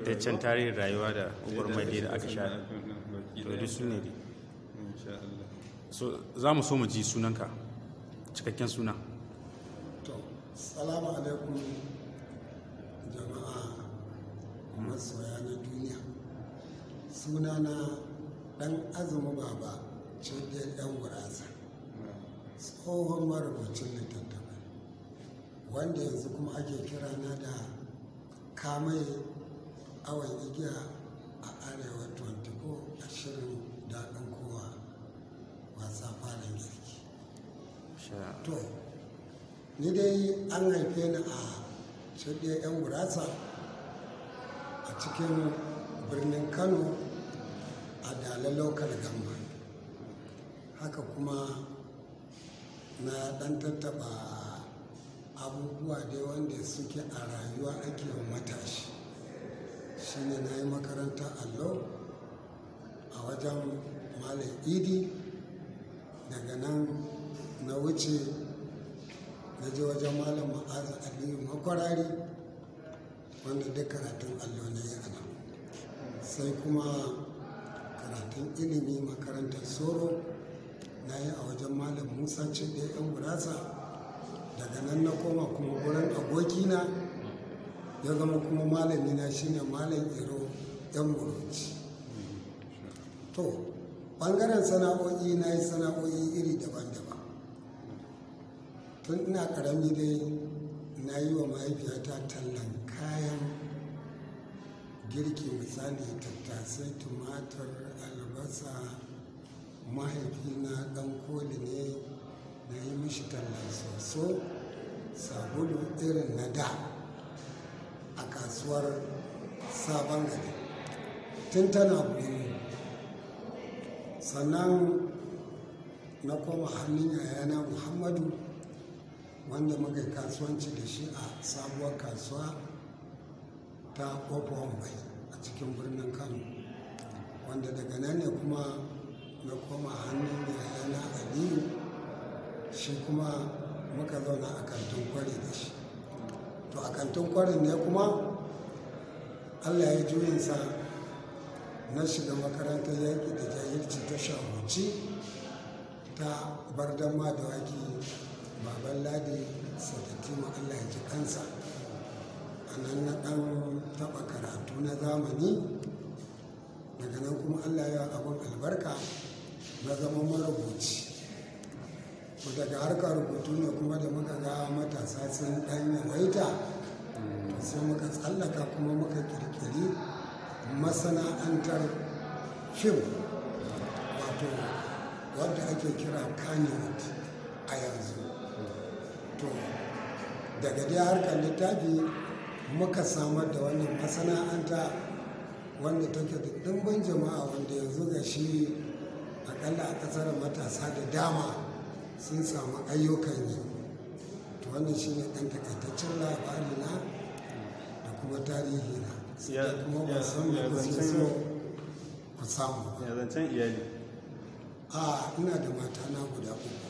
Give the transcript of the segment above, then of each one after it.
takaitaccen tarihin rayuwa da gwarmadi da aka sha to duk su ne so za mu so mu ji sunanka cikakken suna to salamu alaikum jama'a masoya na duniya suna na dan azumi baba cibiyar ɗan wurasa tsohon marubucin littattafai wanda yanzu kuma ake kira na da kamai awon igiya a arewa 24 shirin daɗin kowa wasa falon girki to ni dai an haife ni a shaɗe 'yan gurasa a cikin birnin kano a dalar lokal gamba haka kuma na ɗan tattaɓa abubuwa dai wanda suke a rayuwa ake matashi shine na yi makaranta allo a wajen malam idi daga nan na wuce na je wajen malam ma'azin aliyu makwarari wanda duk karatun allo na yi ana sai kuma karatun ilimi makarantar soro na yi a wajen malam musa ce da yan gurasa daga nan na koma kuma gurin abokina ya zama kuma malami na shine malam iro yan muruci to bangaren sana'o'i na yi sana'o'i iri daban-daban tun ina karami dai na yi wa mahaifiyata tallan kayan girki misali tattasai tumatir albasa mahaifina dan koli ne na yi mishi tallan soso sabulu irin na da kasuwar sabon gari tun tana buru sannan na koma hannun yayana muhammadu wanda muka kasuwanci da shi a sabuwar kasuwa ta kofar mai a cikin birnin kano wanda daga nan ne kuma na koma hannun yayana aliyu shi kuma muka zauna a kantin kwari da shi to a kantin kwarin ne kuma allah ya juyinsa na shiga makarantar yaƙi da jahilci ta shahuci ta bar dama da waki baban ladi sadatima allah ya ji kansa a nan na ɗan taɓa karatu na zamani daga nan kuma allah ya abin albarka na zama marubuci daga harkar rubutu ne kuma da muka ga matasa sun ɗan yawaita sai muka tsallaka kuma muka kirkiri masana'antar fim wato wadda ake kira kanywood a yanzu to daga dai harkar littafi muka samar da wannan masana'anta wanda take da dimbin jama'a wanda yanzu ga shi akalla a ƙasar matasa da dama sun samu ayyukan yi wannan shi ne ɗan takaitaccen labari na da kuma tarihi na kuma ba san da so ku samu ba ya zancen iyali a ina da mata na guda uku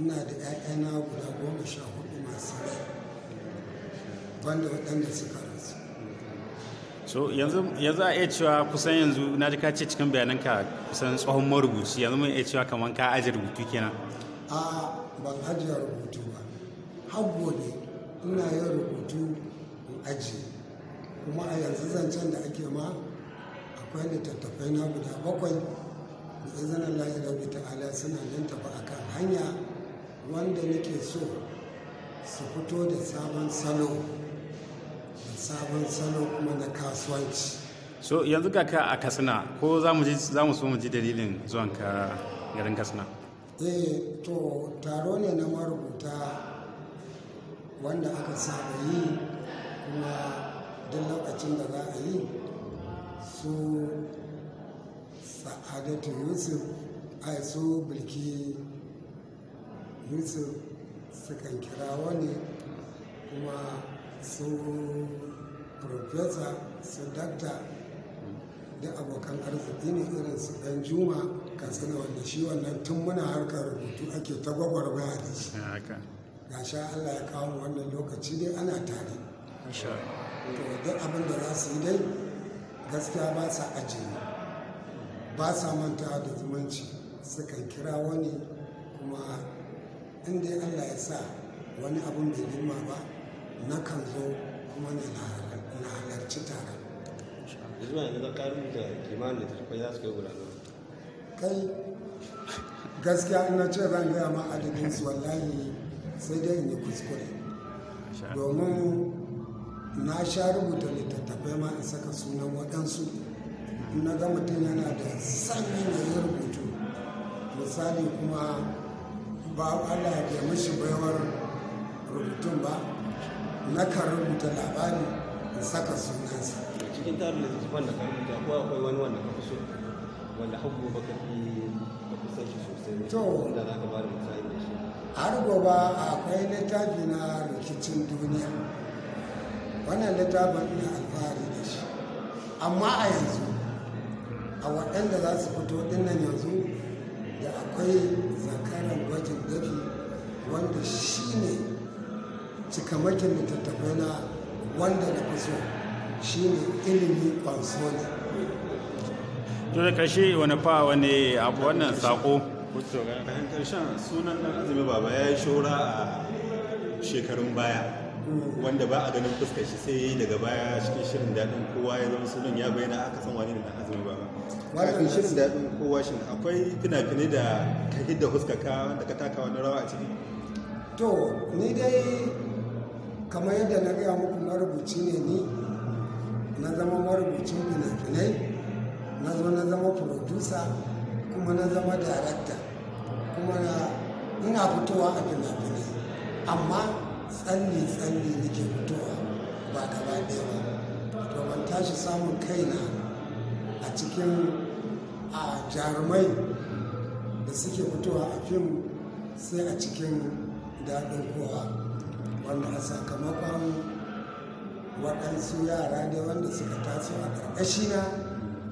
ina da na guda goma sha hudu masu banda waɗanda suka rasu so yanzu a iya cewa kusan yanzu na ji ka ce cikin bayananka kusan tsohon marubuci yanzu mun iya cewa kamar ka ajiye rubutu kenan a ban ajiye rubutu ba har ina yin rubutu in aji kuma a yanzu zancen da ake ma akwai littattafai na guda bakwai da izinin Allah rabbi ta'ala suna nan tafi akan hanya wanda nake so su fito da sabon salo da sabon salo kuma na kasuwanci so yanzu ka a katsina ko za mu so mu ji dalilin ka garin katsina eh to taro ne na marubuta wanda aka saba yi kuma duk lokacin da za a yi su sa'adatu yusuf a su bilki yusuf sukan kira wani kuma su profesa su dakta da abokan arziki ne irin su dan juma katsina wanda shi wannan tun muna harkar rubutu ake ta gwagwarmaya da shi Ga sha Allah ya kawo wannan lokaci dai ana tare to duk abin da za su yi dai gaskiya ba sa ajiye ba sa manta da zumunci sukan kira wani kuma Inda Allah ya sa wani abin bai girma ba na kan zo kuma na halarci tare gaskiya ina ce zan gaya ma adadin su wallahi sai dai in yi kuskure domin na sha rubuta littattafai ma in saka sunan waɗansu na ga mutum yana da san yanayin rubutu misali kuma ba ala ya mashi baiwar rubutun ba na kan rubuta labari in saka sunansa cikin tarin littattafan da kan rubuta ko akwai wani wanda ka fi so wanda hagu ba fi ka fi sai shi sosai ne to da za ka ba da misali da shi har gaba akwai littafi na rikicin duniya wannan littafin ina alfahari da shi amma a yanzu a waɗanda za su fito dinnan yanzu da akwai zakarar gwajin dafi wanda shi ne cikamakin littattafai na wanda na fi shi ne ilimi kwanso ne. to da kashi wani fa wani abu wannan sako Kuto gana. Fahimtar shan sunan 'dan azumi baba ya yi shora a shekarun baya. wanda ba a ganin fuskar shi sai yayi daga baya cikin shirin daɗin kowa ya zama sunan ya bayyana aka san wani da azumi baba. kafin shirin daɗin kowa shi akwai fina-finai da ka hidda fuskar ka da ka taka wani rawa a ciki to ni dai kamar yadda na gaya muku marubuci ne ni na zama marubucin fina-finai na zo na zama producer kuma na zama darakta kuma na ina fitowa a fina-finai amma tsanni-tsanni nake fitowa ba gaba ɗaya ba to ban tashi samun kaina a cikin a jarumai da suke fitowa a fim sai a cikin daɗin kowa wanda a sakamakon waɗansu yara ne wanda suka taso a ƙarƙashina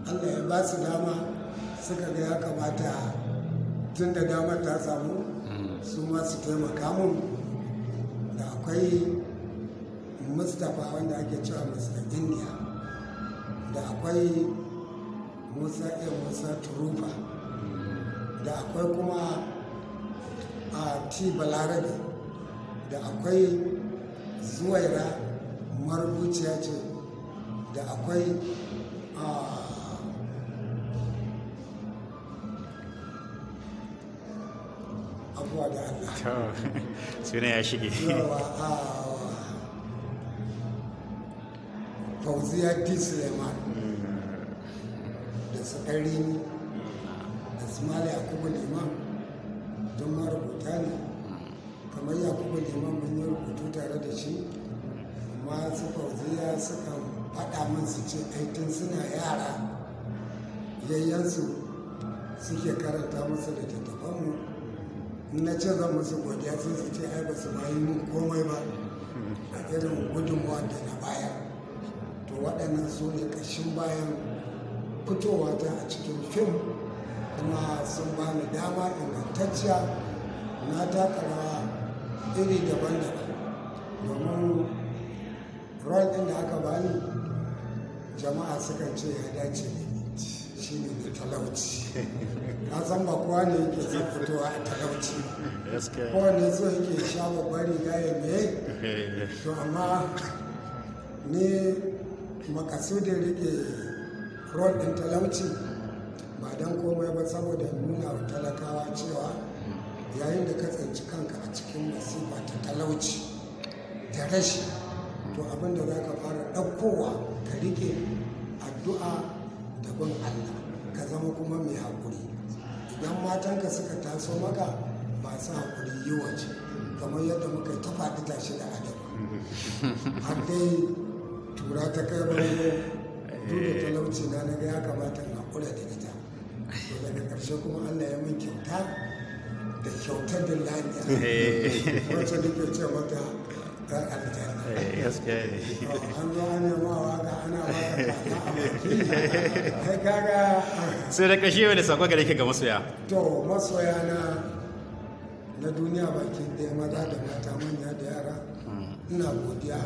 allah ya ba su dama suka ga ya kamata tun da damar ta samu su ma su taimaka mun da akwai mustapha wanda ake cewa mr india da akwai musa iya eh, musa turufa da akwai kuma a t balarabe da akwai zuwaira marubuciya ce da akwai a to suna ya shige fauziya d suleiman da su ɗari da su mali kuma liman don marubuta ne kamar kuma liman mun yi rubutu tare da shi amma su fauziya suka faɗa min su ce aikin suna yara yayyansu suke karanta musu mu na ce zan musu godiya sun su ce ai ba su bayi mun komai ba a irin gudunmawa da na baya to waɗannan su ne ƙashin bayan fitowa ta a cikin fim kuma sun ba ni dama ingantacciya na taka rawa iri daban-daban domin rol ɗin da aka bani jama'a suka ce ya dace ne shi ne da talauci na san ba kowa ne yake zai fitowa a talauci kowa ne zai yake sha babbar riga ya meye to amma ni makasudin rike rol ɗin talauci ba don komai ba saboda nuna wa talakawa cewa yayin da ka tsanci kanka a cikin masifa ta talauci da rashi to abinda za ka fara ɗaukowa ka rike addu'a da bin Allah ka zama kuma mai haƙuri idan matanka suka taso maka masu haƙuri yiwa ce kamar yadda muka ta faɗi tashi da adam har dai tura ta kai ne duk da talauci na na ya kamata na kula da ita to daga ƙarshe kuma Allah ya min kyauta da kyautar da lafiya wacce nake ce mata kar aljanna gaskiya ne an zo ana ma waka ana waka kai kaga sai da kashi wani sako gare ke ga masoya to masoya na na duniya baki ɗaya maza da mata manya da yara mm. ina godiya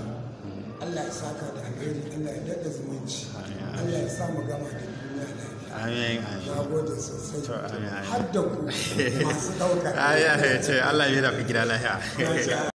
Allah ya saka da alheri Allah ya daɗa zumunci Allah ya sa gama da duniya lafiya amin amin sosai har da ku masu Allah ya yi da ku gida lafiya